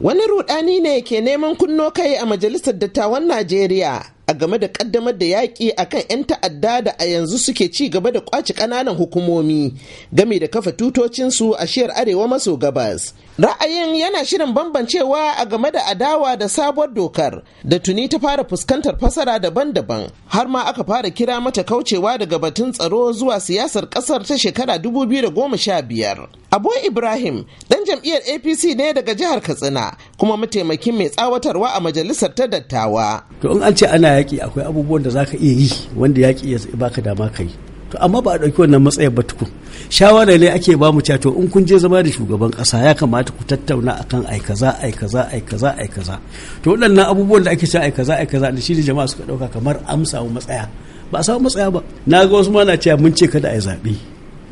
Wani rudani ne ke neman kunno kai a Majalisar Dattawan Najeriya a game da kaddamar da yaƙi a kan 'yan ta'adda da a yanzu suke ci gaba da kwaci ƙananan hukumomi game da kafa tutocinsu a shiyar arewa maso gabas. Ra'ayin yana shirin bambancewa a game da adawa da sabuwar dokar da tuni ta fara fuskantar fasara daban-daban har ma aka fara kira mata kaucewa daga batun tsaro zuwa siyasar ƙasar ta shekara 2015. Abu Ibrahim ɗan jam'iyyar APC ne daga jihar Katsina kuma mataimakin mai tsawatarwa a majalisar ta dattawa. To in an ce ana yaƙi akwai abubuwan da za ka iya yi wanda yaƙi ya baka dama kai. To amma ba a ɗauki wannan matsayin ba tukun. Shawara ne ake ba mu cewa to in kun je zama da shugaban ƙasa ya kamata ku tattauna akan ai kaza ai kaza ai kaza ai kaza. To waɗannan abubuwan da ake cewa ai kaza ai kaza da shi ne jama'a suka ɗauka kamar amsa samu matsaya. Ba a samu matsaya ba. Na ga wasu ma na cewa mun ce kada a yi zaɓe.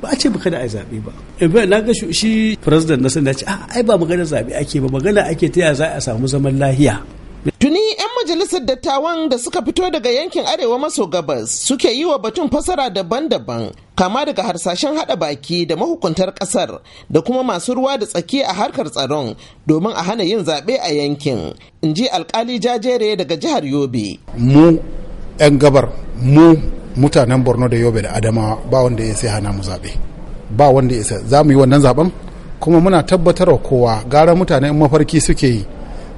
ba a ce ba kada a zaɓe ba in na ga shi president na sun ce a ah, ai ba magana zaɓe ake ba magana ake ta za a samu zaman lahiya Tuni 'yan majalisar dattawan da suka fito daga yankin arewa maso gabas suke yi wa batun fasara daban-daban kama daga harsashen hada baki da mahukuntar kasar da kuma masu ruwa da tsaki a harkar tsaron domin a hana yin zaɓe a yankin in ji alkali jajere daga jihar yobe mu 'yan gabar mu mutanen borno da yobe da adamawa ba wanda ya sai hana mu zaɓe ba wanda ya za mu yi wannan zaɓen kuma muna tabbatarwa kowa gara mutane mafarki suke yi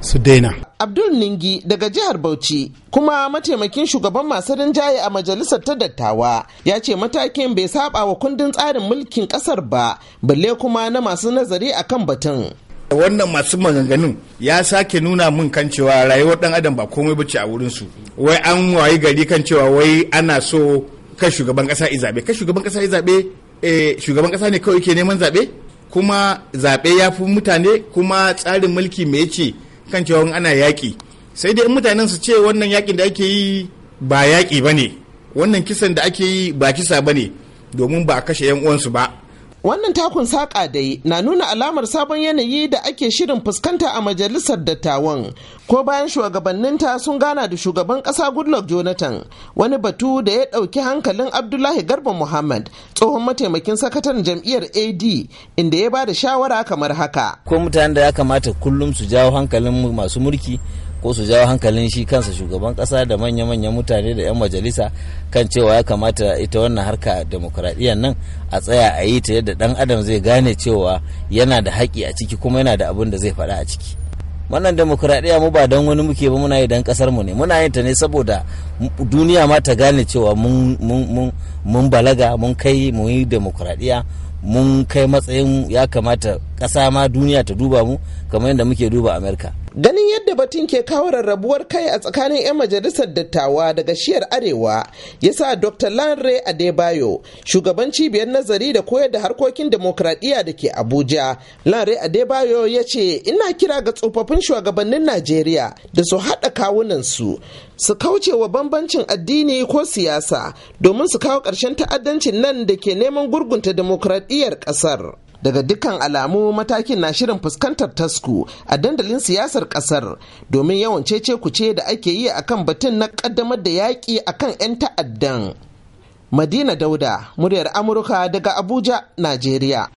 su daina abdul ningi daga jihar bauchi kuma mataimakin shugaban masu rinjaye a majalisar ta dattawa ya ce matakin bai saba wa kundin tsarin mulkin kasar ba balle kuma na masu nazari akan batun wannan masu maganganun ya sake nuna mun kan cewa rayuwar dan adam ba komai bace a wurin su wai an wayi gari kan cewa wai ana so kan shugaban kasa i zaɓe kan shugaban kasa i zaɓe eh, shugaban kasa ne kawai ke neman zaɓe kuma zaɓe ya fi mutane kuma tsarin mulki me ce kan cewa wani ana yaƙi sai dai in mutanen su ce wannan yaƙin da ake yi ba yaƙi ba ne wannan kisan da ake yi ba kisa ba ne domin ba a kashe 'yan uwansu ba Wannan takun saƙa dai na nuna alamar sabon yanayi da ake shirin fuskanta a majalisar dattawan ko bayan shugabanninta sun gana da shugaban ƙasa Goodluck Jonathan wani batu da ya ɗauki hankalin Abdullahi Garba Muhammad tsohon mataimakin sakataren jam'iyyar AD inda ya ba da shawara kamar haka. Ko mutanen da ya kamata kullum su jawo hankalin masu mulki ko su jawo hankalin shi kansa shugaban kasa da manya-manyan mutane da 'yan majalisa kan cewa ya kamata ita wannan harka demokuraɗiyyar nan a tsaya a yi ta yadda dan adam zai gane cewa yana da haƙi a ciki kuma yana da abin da zai faɗa a ciki wannan demokuraɗiyya mu ba don wani muke ba muna yi don ƙasar mu ne muna yin ta ne saboda duniya ma ta gane cewa mun balaga mun kai mun yi demokuraɗiyya mun kai matsayin ya kamata ƙasa ma duniya ta duba mu kamar yadda muke duba amerika ganin yadda batun ke kawo rarrabuwar kai a tsakanin 'yan majalisar dattawa daga shiyar arewa ya sa dr lanre adebayo shugaban cibiyar nazari da koyar da harkokin demokradiyya da ke abuja lanre adebayo ya ce ina kira ga tsofaffin shugabannin najeriya da su haɗa kawunansu su kauce wa bambancin addini ko siyasa domin su kawo ƙarshen ta'addancin nan da ke neman gurgunta demokradiyyar ƙasar. daga dukkan alamu matakin na shirin fuskantar tasku a dandalin siyasar ƙasar domin yawan cece kuce da ake yi a kan batun na ƙaddamar da yaƙi a kan 'yan ta'addan madina dauda muryar amurka daga abuja najeriya